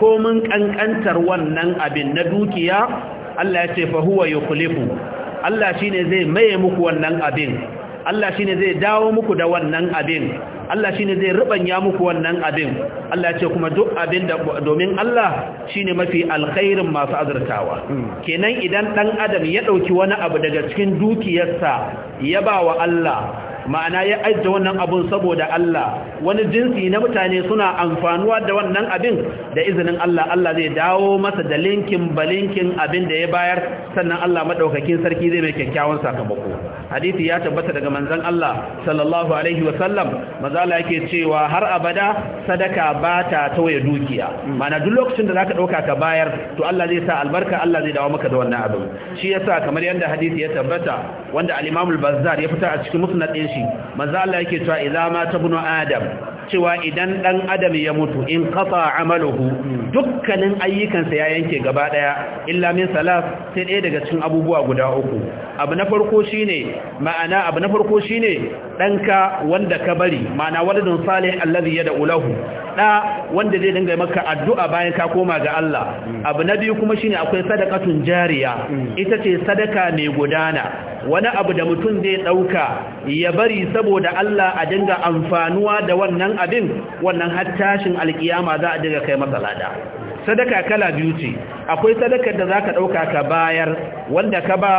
komin ƙanƙantar wannan abin na dukiya Allah ya ce fa huwa yukhlifu Allah shine zai maye muku wannan abin Allah shine zai dawo muku da wannan abin Allah shine zai rubanya muku wannan abin Allah ya ce kuma duk abin da domin Allah shine mafi alkhairin masu azurtawa kenan idan ɗan adam ya ɗauki wani abu daga cikin dukiyarsa ya ba wa Allah ma'ana ya ajiye wannan abun saboda Allah wani jinsi na mutane suna amfanuwa da wannan abin da izinin Allah Allah zai dawo masa da linkin balinkin abin da ya bayar sannan Allah madaukakin sarki zai mai kyakkyawan sakamako hadisi ya tabbata daga manzon Allah sallallahu alaihi wa sallam mazala yake cewa har abada sadaka ba ta tawaye dukiya ma'ana duk lokacin da zaka dauka ka bayar to Allah zai sa albarka Allah zai dawo maka da wannan abin shi yasa kamar yanda hadisi ya tabbata wanda al-Imam al-Bazzar ya fita a cikin musnad din shi shi manzo Allah yake cewa idan ma tabnu adam cewa idan dan adam ya mutu in qata amaluhu dukkanin ayyukansa ya yanke gaba daya illa min salas sai ɗaya daga cikin abubuwa guda uku abu na farko shine ma'ana abu na farko shine danka wanda ka bari ma'ana waladun salih allazi yad'u lahu da wanda zai dinga maka addu'a bayan ka koma ga Allah abu na biyu kuma shine akwai sadakatun jariya ita ce sadaka mai gudana wani abu da mutum zai ɗauka ya bari saboda Allah a dinga amfanuwa da wannan abin wannan hattashin alkiyama za a dinga kai masa lada sadaka kala biyu ce akwai sadakar da zaka ɗauka ka bayar wanda ka ba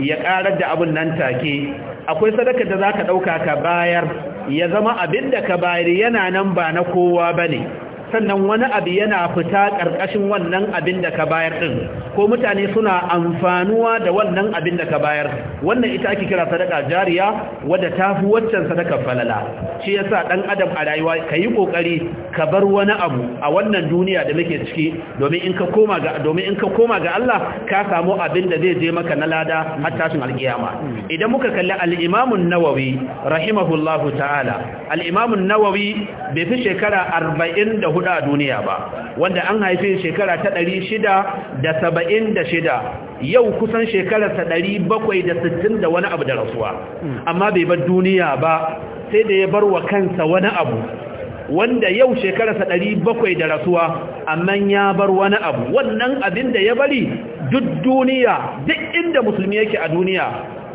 ya ƙarar da abin nan take akwai sadakar da za ka ɗauka ka bayar ya zama abin da ka bayar yana nan ba na kowa ba ne. sannan wani abu yana fita ƙarƙashin wannan abin da ka bayar ɗin ko mutane suna amfanuwa da wannan abin da ka bayar wannan ita ake kira sadaka jariya wadda ta fi waccan sadaka falala shi ya sa ɗan adam a rayuwa ka yi ƙoƙari ka bar wani abu a wannan duniya da muke ciki domin in ka koma ga domin in ka koma ga Allah ka samu abin da zai je maka na lada har tashin alƙiyama idan muka kalli al-Imam an-Nawawi rahimahullahu ta'ala al-Imam an-Nawawi bai fi shekara 44 hudu a duniya ba wanda an haife shekara ta ɗari shida da saba'in da shida yau kusan shekararsa ɗari bakwai da sittin da wani abu da rasuwa amma bai bar duniya ba sai da ya bar wa kansa wani abu wanda yau shekararsa ɗari bakwai da rasuwa amma ya bar wani abu wannan abin da ya bari duk duniya duk inda musulmi yake a duniya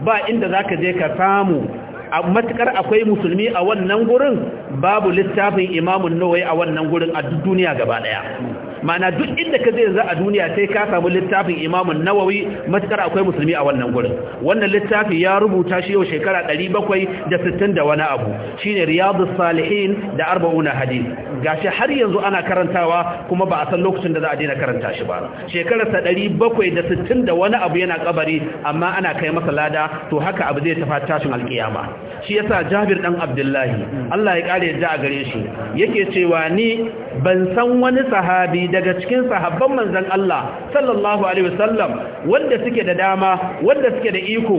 ba inda za ka je ka samu a matukar akwai musulmi a wannan gurin babu littafin imamun nawai a wannan gurin a duniya gaba daya ma'ana duk inda ka zai za a duniya sai ka samu littafin imamun nawawi matukar akwai musulmi a wannan gurin wannan littafi ya rubuta shi yau shekara ɗari bakwai da wani abu Shi ne riyadus salihin da hadi Ga shi har yanzu ana karantawa kuma ba a san lokacin da za a daina karanta shi ba Shekararsa sa bakwai da sittin da wani abu yana kabari amma ana kai masa lada to haka abu zai tafi tashin alkiyama shi yasa Jabir dan Abdullahi Allah ya kare yadda a gare shi yake cewa ni ban san wani sahabi daga cikin sahabban manzan Allah sallallahu alaihi wasallam wanda suke da dama wanda suke da iko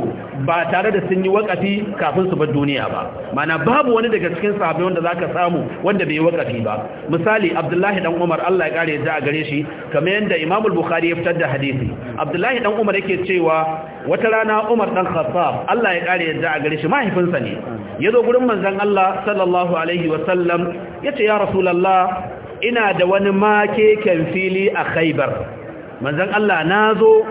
ba tare da sun yi wakafi kafin su bar duniya ba mana babu wani daga cikin sahabi wanda zaka samu wanda bai yi wakafi ba misali Abdullahi dan Umar Allah ya kare da a gare shi kamar yadda Imam al-Bukhari ya fitar da hadisi Abdullahi dan Umar yake cewa wata rana Umar dan Khattab Allah ya kare da a gare shi mahaifinsa ne yazo gurin manzon Allah sallallahu alaihi wasallam yace ya Rasulullah ina da wani makeken fili a khaibar manzan Allah na zo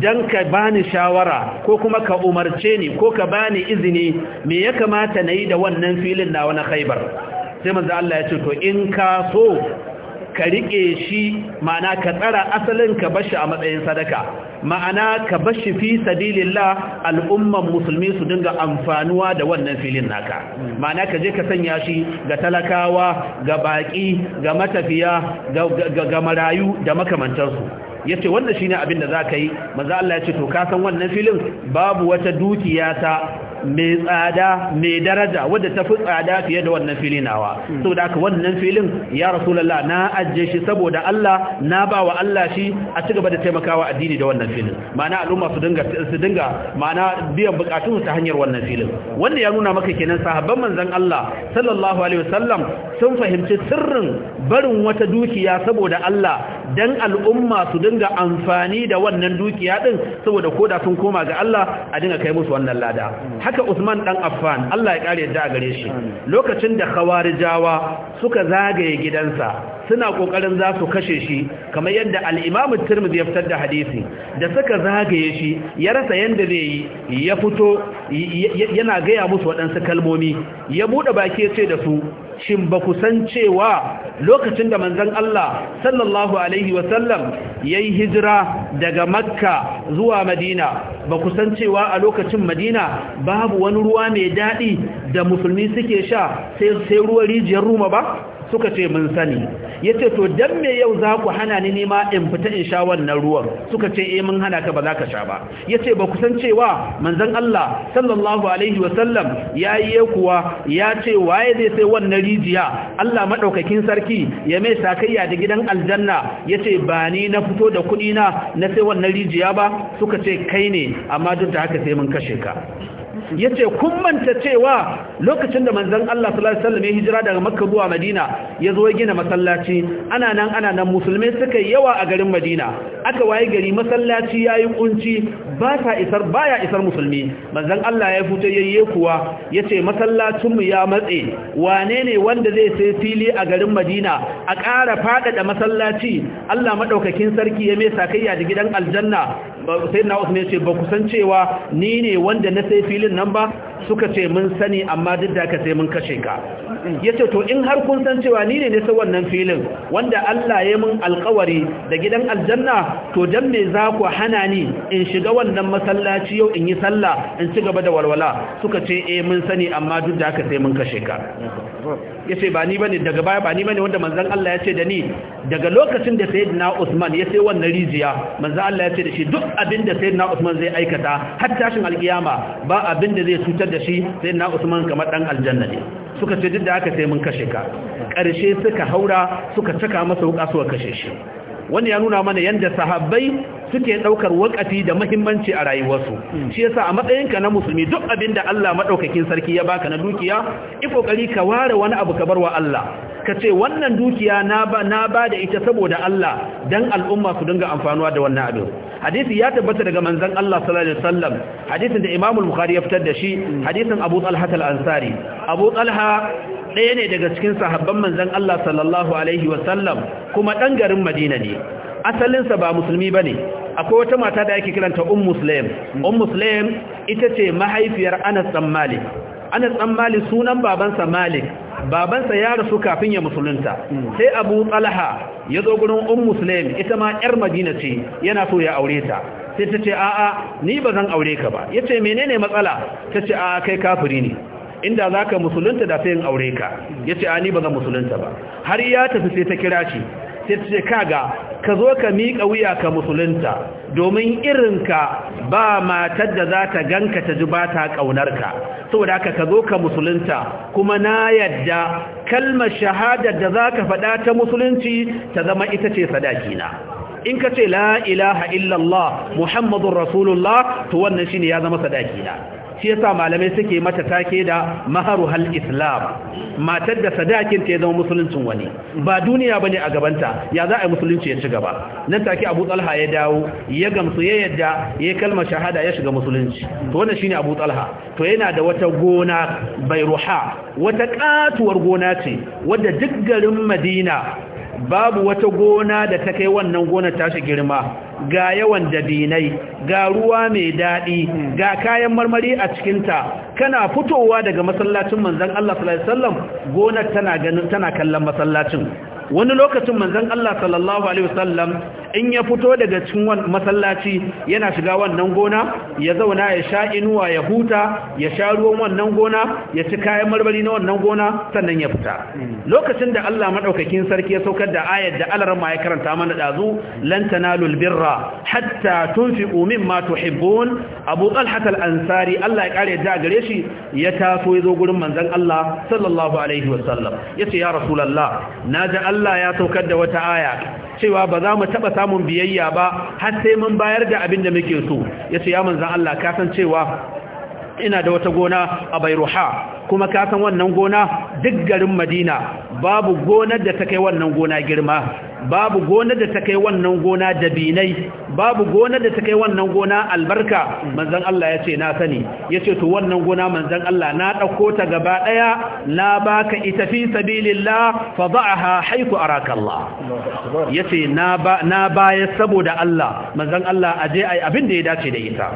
don ka bani shawara ko kuma ka umarce ni ko ka bani izini me ya kamata na yi da wannan filin na wani khaibar sai manzan Allah ya ce to in ka so ka riƙe shi ma'ana ka tsara asalin ka bashi a matsayin sadaka ma'ana ka bashi fi sabilillah al'umman musulmi su dinga amfanuwa da wannan filin naka ma'ana ka je ka sanya shi ga talakawa ga baƙi ga matafiya ga ga marayu da makamantansu ya ce wannan shi ne abin da za ka yi maza Allah ya ce to kasan wannan filin babu wata dukiya ta mai tsada mai daraja wadda tafi tsada fiye da wannan filin nawa hmm. saboda haka wannan filin ya rasulallah na ajiye shi saboda Allah na bawa Allah shi a ci gaba da taimakawa addini da wannan filin ma'ana al'umma su dinga su dinga ma'ana biyan bukatun ta hanyar wannan filin wanda ya nuna maka kenan sahabban manzon Allah sallallahu alaihi wasallam sun fahimci sirrin barin wata dukiya saboda Allah dan al'umma su dinga amfani da wannan dukiya din saboda koda sun koma ga Allah a dinga kai musu wannan lada haka Usman ɗan Affan Allah ya kare yadda a gare shi lokacin da khawarijawa suka zagaye gidansa suna kokarin za su kashe shi kamar yadda al-Imam Tirmidhi ya fitar da hadisi da suka zagaye shi ya rasa yanda zai yi ya fito yana gaya musu waɗansu kalmomi ya buɗe baki ya ce da su shin ba ku san cewa lokacin da manzon Allah sallallahu alaihi wasallam yayi hijira daga makka zuwa madina ba ku san cewa a lokacin madina babu wani ruwa mai daɗi da musulmi suke sha sai ruwan rijiyar ruma ba suka ce mun sani ya ce to dan me yau za ku hana ni nema in fita in sha wannan ruwan suka ce eh mun hana ka ba za ka sha ba ya ce ba ku san cewa manzon Allah sallallahu alaihi wasallam ya yi kuwa ya ce waye zai sai wannan rijiya Allah madaukakin sarki ya mai sakayya da gidan aljanna ya ce ba ni na fito da kuɗi na na sai wannan rijiya ba suka ce kai ne amma duk da haka sai mun kashe ka yace kun manta cewa lokacin da manzon Allah sallallahu alaihi wasallam ya hijira daga Makka zuwa Madina ya zo ya gina masallaci ana nan ana nan musulmi suka yawa a garin Madina aka waye gari masallaci yayi kunci ba ta isar baya isar musulmi manzon Allah ya fito yayye kuwa yace masallacin mu ya matse wane ne wanda zai sai fili a garin Madina a ƙara faɗaɗa masallaci Allah madaukakin sarki ya mai sakayya da gidan aljanna sai na Usman ce ba ku cewa ni ne wanda na sai filin number suka ce mun sani amma duk da ka sai mun kashe ka yace to in har kun san cewa ni ne nisa wannan filin wanda Allah ya mun alƙawari da gidan aljanna to dan me za ku hana ni in shiga wannan masallaci yau in yi sallah in ci gaba da walwala suka ce eh mun sani amma duk da ka sai mun kashe ka yace ba ni bane daga baya ba ni bane wanda manzon Allah ya ce da ni daga lokacin da sayyidina Usman ya sai wannan rijiya manzon Allah ya ce da shi duk abin da sayyidina Usman zai aikata har tashin alkiyama ba abin da zai cutar da da shi sai na usman kamar dan aljanna ne suka ce duk da aka sai mun kashe ka karshe suka haura suka caka masa wuka suka kashe shi wani ya nuna mana yadda sahabbai suke daukar wakati da muhimmanci a rayuwarsu shi yasa a matsayinka na musulmi duk abinda Allah madaukakin sarki ya baka na dukiya i kokari ka ware wani abu ka barwa Allah ka ce wannan dukiya na ba da ita saboda Allah dan al'umma su dinga amfanuwa da wannan abin hadisi ya tabbata daga manzon Allah sallallahu alaihi wasallam hadisin da Imam al ya fitar da shi hadisin Abu Talha al-Ansari Abu Talha ɗaya ne daga cikin sahabban manzan Allah sallallahu alaihi wasallam kuma ɗan garin Madina ne asalinsa ba musulmi ne. akwai wata mata da ake kiranta ummu muslim umm muslim ita ce mahaifiyar Anas dan Malik Anas dan Malik sunan babansa Malik babansa ya rasu kafin ya musulunta sai abu talha ya zo gurin un umm ita ma yar madina ce yana so ya aure ta sai ta ce a'a ni ba zan aure ka ba ya ce menene matsala ta ce a'a kai kafiri ne inda za ka musulunta da sai in aure ka ya ce a ni ba zan musulunta ba har ya tafi sai ta kira shi sai ce kaga ka zo ka miƙa wuya ka musulunta domin irinka ba matar da za ta ganka ta ji ba ta ƙaunarka saboda haka ka zo ka musulunta kuma na yadda kalmar shahadar da za ka faɗa ta musulunci ta zama ita ce sadakina in ka ce la ilaha illallah muhammadun rasulullah to wannan shi ne ya zama sadaki na shi yasa malamai suke mata take da maharu hal islam matar da sadakin ta ya zama musuluncin wani ba duniya bane a gabanta ya za a yi musulunci ya ci gaba nan take Abu Talha ya dawo ya gamsu ya yadda ya kalmar shahada ya shiga musulunci to wannan shine Abu Talha to yana da wata gona Bairuha wata katuwar gona ce wadda duk garin Madina babu wata gona da ta kai wannan gona tashi girma ga yawan dabinai ga ruwa mai daɗi ga kayan marmari a cikinta kana fitowa daga masallacin manzan Allah sallallahu alaihi gonar tana ganin tana kallon masallacin wani lokacin manzan Allah sallallahu alaihi wasallam in ya fito daga cikin masallaci yana shiga wannan gona ya zauna ya sha inuwa ya huta ya sha ruwan wannan gona ya ci kayan marmari na wannan gona sannan ya fita lokacin da Allah madaukakin sarki ya saukar da ayar da alarma ya karanta mana dazu lan tanalul birra hatta tunfiqu mimma tuhibbun Abu Talha al-Ansari Allah ya kare da gare shi ya taso ya zo gurin manzon Allah sallallahu alaihi wasallam yace ya rasulullah naji Allah ya saukar da wata aya cewa ba za mu taɓa samun biyayya ba har sai mun bayar da abin da muke so ya ce ya manzan Allah kasan cewa ina da wata gona a bairuha kuma kasan wannan gona duk garin madina babu gonar da ta kai wannan gona girma babu gona da ta wannan gona dabinai babu gona da ta kai wannan gona albarka manzon Allah ya ce na sani ya ce to wannan gona manzon Allah na ɗauko ta gaba ɗaya na baka ita fi sabilillah fa ba'aha haiku araka Allah ya ce na baya saboda Allah manzon Allah aje ai abin da ya dace da ita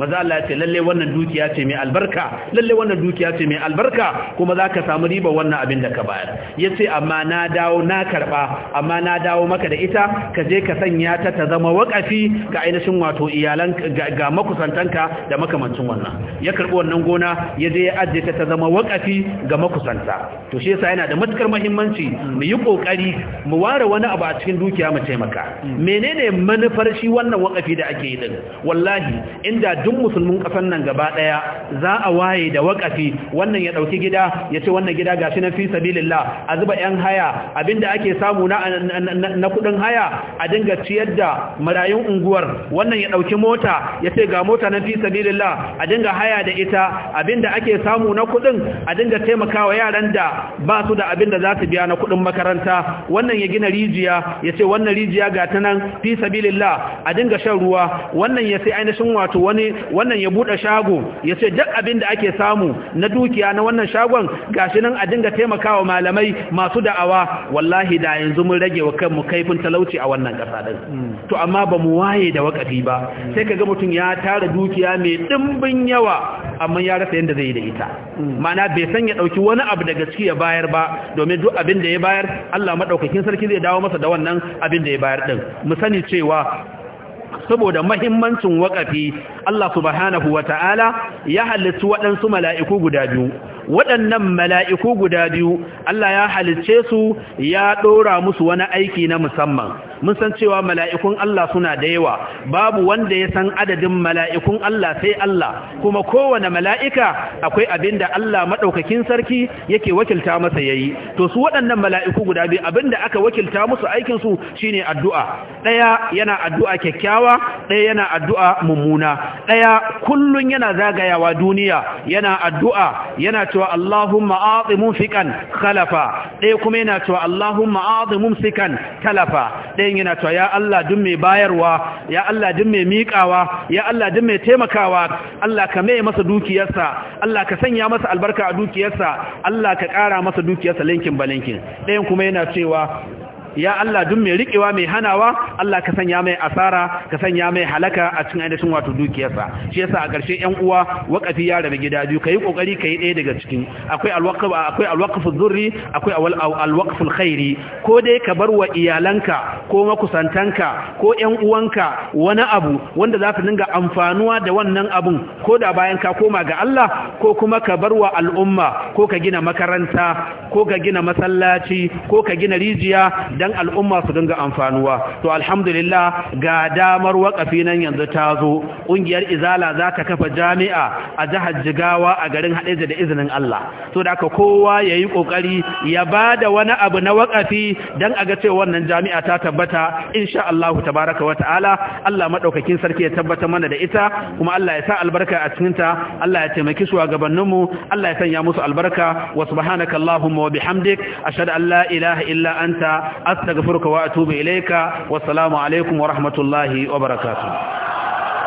maza Allah ya ce lalle wannan dukiya ce mai albarka lalle wannan dukiya ce mai albarka kuma za ka samu riba wannan abin da ka bayar yace ce amma na dawo na karba amma na dawo maka da ita ka je ka sanya ta ta zama wakafi ga ainihin wato iyalan ga makusantanka da makamancin wannan ya karbi wannan gona ya je ya ajiye ta ta zama wakafi ga makusanta to shi yasa yana da matukar muhimmanci mu yi kokari mu ware wani abu a cikin dukiya mu taimaka menene manufar shi wannan wakafi da ake yi din wallahi inda duk musulmin kasan nan gaba daya za a waye da wakafi wannan ya dauki gida ya ce wannan gida ga shi na fi sabilillah a zuba yan haya abinda ake samu na na kudin haya a dinga ciyar da marayun unguwar wannan ya dauki mota ya ce ga mota na fi sabilillah a dinga haya da ita abinda ake samu na kudin a dinga taimakawa yaran da ba su da abinda za su biya na kudin makaranta wannan ya gina rijiya ya ce wannan rijiya ga ta nan fi sabilillah a dinga shan ruwa wannan ya sai ainihin wato wani wannan ya buɗe shago ya ce duk abin da ake samu na dukiya na wannan shagon gashi nan a dinga taimakawa malamai masu da'awa wallahi da yanzu mun rage wa kanmu kaifin talauci a wannan ƙasa din to amma ba mu waye da wakafi ba sai kaga mutum ya tara dukiya mai ɗimbin yawa amma ya rasa yadda zai da ita ma'ana bai san ya ɗauki wani abu daga ciki ya bayar ba domin duk abin da ya bayar Allah maɗaukakin sarki zai dawo masa da wannan abin da ya bayar din mu sani cewa saboda mahimmancin waƙafi Allah subhanahu wa ta'ala ya halittu waɗansu mala'iku guda biyu waɗannan mala'iku guda biyu Allah ya halicce su ya ɗora musu wani aiki na musamman mun san cewa mala'ikun Allah suna da yawa babu wanda ya san adadin mala'ikun Allah sai Allah kuma kowane mala'ika akwai abin da Allah maɗaukakin sarki yake wakilta masa yayi to su waɗannan mala'iku guda biyu abin da aka wakilta musu aikinsu shine addu'a ɗaya yana addu'a kyakkyawa ɗaya yana addu'a mummuna ɗaya kullum yana zagayawa duniya yana addu'a yana cewa Allahumma azimun fiqan khalafa ɗaya kuma yana cewa Allahumma azimun sikan talafa ɗaya matsayin yana cewa ya Allah duk mai bayarwa ya Allah duk mai miƙawa ya Allah duk mai taimakawa Allah ka mai masa dukiyarsa Allah ka sanya masa albarka a dukiyarsa Allah ka ƙara masa dukiyarsa linkin balinkin ɗayan kuma yana cewa ya Allah duk mai riƙewa mai hanawa Allah ka sanya mai asara ka sanya mai halaka a cikin ainihin wato dukiyarsa shi yasa a ƙarshe ƴan uwa waqafi ya rabu gida biyu kai kokari kai ɗaya daga cikin akwai alwaqf akwai alwaqfu dhurri akwai alwaqfu alkhairi ko dai ka bar wa iyalanka ko makusantanka ko ƴan uwanka wani abu wanda za ka dinga amfanuwa da wannan abun ko da bayan ka koma ga Allah ko kuma ka bar wa al'umma ko ka gina makaranta ko ka gina masallaci ko ka gina rijiya dan al'umma su dinga amfanuwa to alhamdulillah ga damar wakafi nan yanzu ta zo ƙungiyar izala za ta kafa jami'a a jihar jigawa a garin haɗeja da izinin Allah to da ka kowa ya yi ƙoƙari ya ba da wani abu na wakafi dan a ga cewa wannan jami'a ta tabbata insha Allah tabaraka wa ta'ala Allah madaukakin sarki ya tabbata mana da ita kuma Allah ya sa albarka a cikin ta Allah ya taimaki shugabanninmu Allah ya sanya musu albarka wa subhanakallahumma wa bihamdik ashhadu an la ilaha illa anta astaghfiruka wa atubu ilaika wassalamu alaikum wa rahmatullahi wa barakatuh